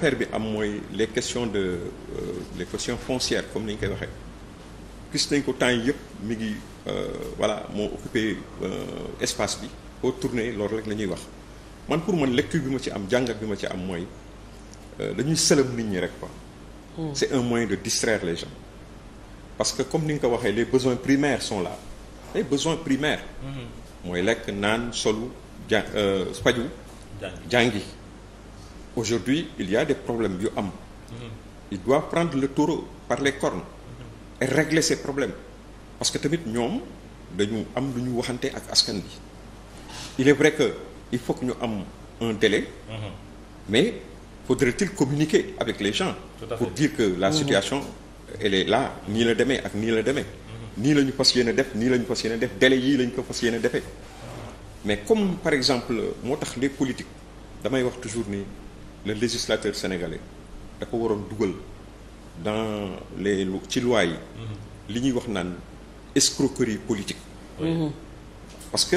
affaire bi am mooy les question de euh, les questions comme ni ñu koy waxee gis nañ ko temps yëpp mi ngi euh, voilà moo occupé euh, espace bi boo tourné loolu rek la ñuy wax man pour man lecture bi ma ci am jàngat bi ma ci am mooy euh, dañuy sëlëm nit ñi rek quoi. Hmm. c'est un moyen de distraire les gens parce que comme ni nga ko waxee les besoins primaires sont là les besoins primaires. Hmm. mooy lekk naan solu ja faju jàngi. aujourd'hui il y a des problèmes yu am mm-hmm. il doit prendre le taureau par le cornes mm-hmm. et régler ces problèmes parce que tamit ñoom dañu am lu ñu waxante ak askan bi il est vrai que il faut que ñu am un délai mm-hmm. mais faudrait-il communiquer avec les gens pour dire que la situation elle est là nii la demee ak nii la demee nii la ñu fas yéene def nii la ñu fas yéene def délai yii la ñu ko fas yéene defee mais comme par exemple moo tax les politiques damay wax toujours nii le législateur sénégalais da ko waroon dugal dans les ci loi yi. Mm-hmm. li ñuy wax naan escroquerie politique. Mm-hmm. parce que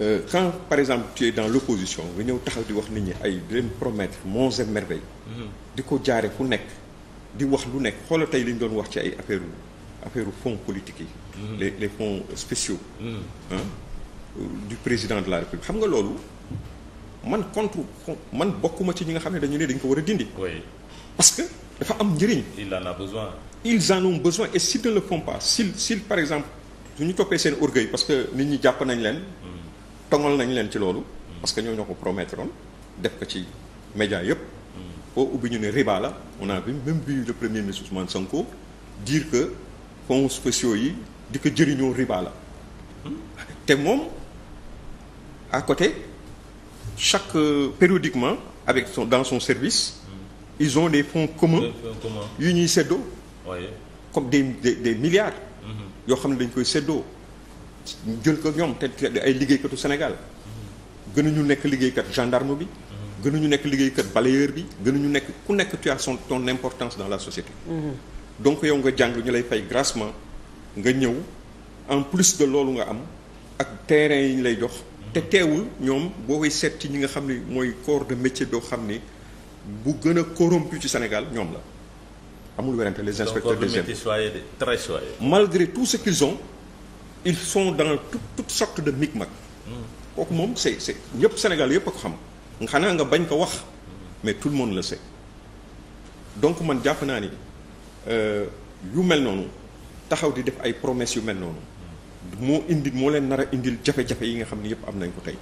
euh, quand par exemple tu es dans l'opposition nga ñëw taxaw di wax nit ñi ay di leen promettre monts et mm-hmm. di ko jaare fu nekk di wax lu nekk xoola tey li ñu doon wax ci ay affaire affaire fonds politiques yi. les les fonds spéciaux. Euh, du président de la République xam nga loolu. man contre man bokkuma ci ñi nga xam ne dañu ne dañ ko war a dindi. oui parce que dafa am njëriñ. il en a besoin. ils en ont besoin et s'ils ne le font si s'ils par exemple su ñu toppee seen orgueil parce que nit ñi jàpp nañ leen. Mm. tongal nañ leen ci loolu. Mm. parce que ñoo ñoo ko promettroon def ko ci média yëpp. boo mm. ubbi ñu ne riba la on a vu même vu le premier ministre Ousmane Sonko dire que fonds spéciaux yi di ko jëriñoo riba hmm? te moom à côté. chaque euh, périodiquement avec son dans son service mm. ils ont des fonds communs yu ñuy seddoo comme des des, des milliards mm-hmm. yoo xam ne dañ koy seddoo jël ko ñoom te ay liggéeykatu Sénégal mm-hmm. gën ñu nekk liggéeykat gendarme bi gën mm-hmm. gënuñu nekk liggéeykat balayeur bi gën a ñu nekk ku nekk tu as son importance dans la société donc yow nga jàng ñu lay fay grassement nga ñëw en plus de loolu nga am ak terrain yi ñu lay jox te teewul ñoom boo koy seet ci ñi nga xam ni mooy corps de métier doo xam ni bu gën a corrompu ci Sénégal ñoom la amul werante les inspecteurs des jeunes très soyeux malgré tout ce qu'ils ont ils sont dans toute toute sorte de micmac mm. kooku moom c'est c'est ñëpp Sénégal yëpp a ko xam xanaa nga bañ ko wax mm. mais tout le monde la sait donc man jàpp naa ni euh, yu mel noonu taxaw di def ay promesses yu mel noonu moo indil moo leen nar a indil jafe-jafe yi nga xam ne yëpp am nañ ko tey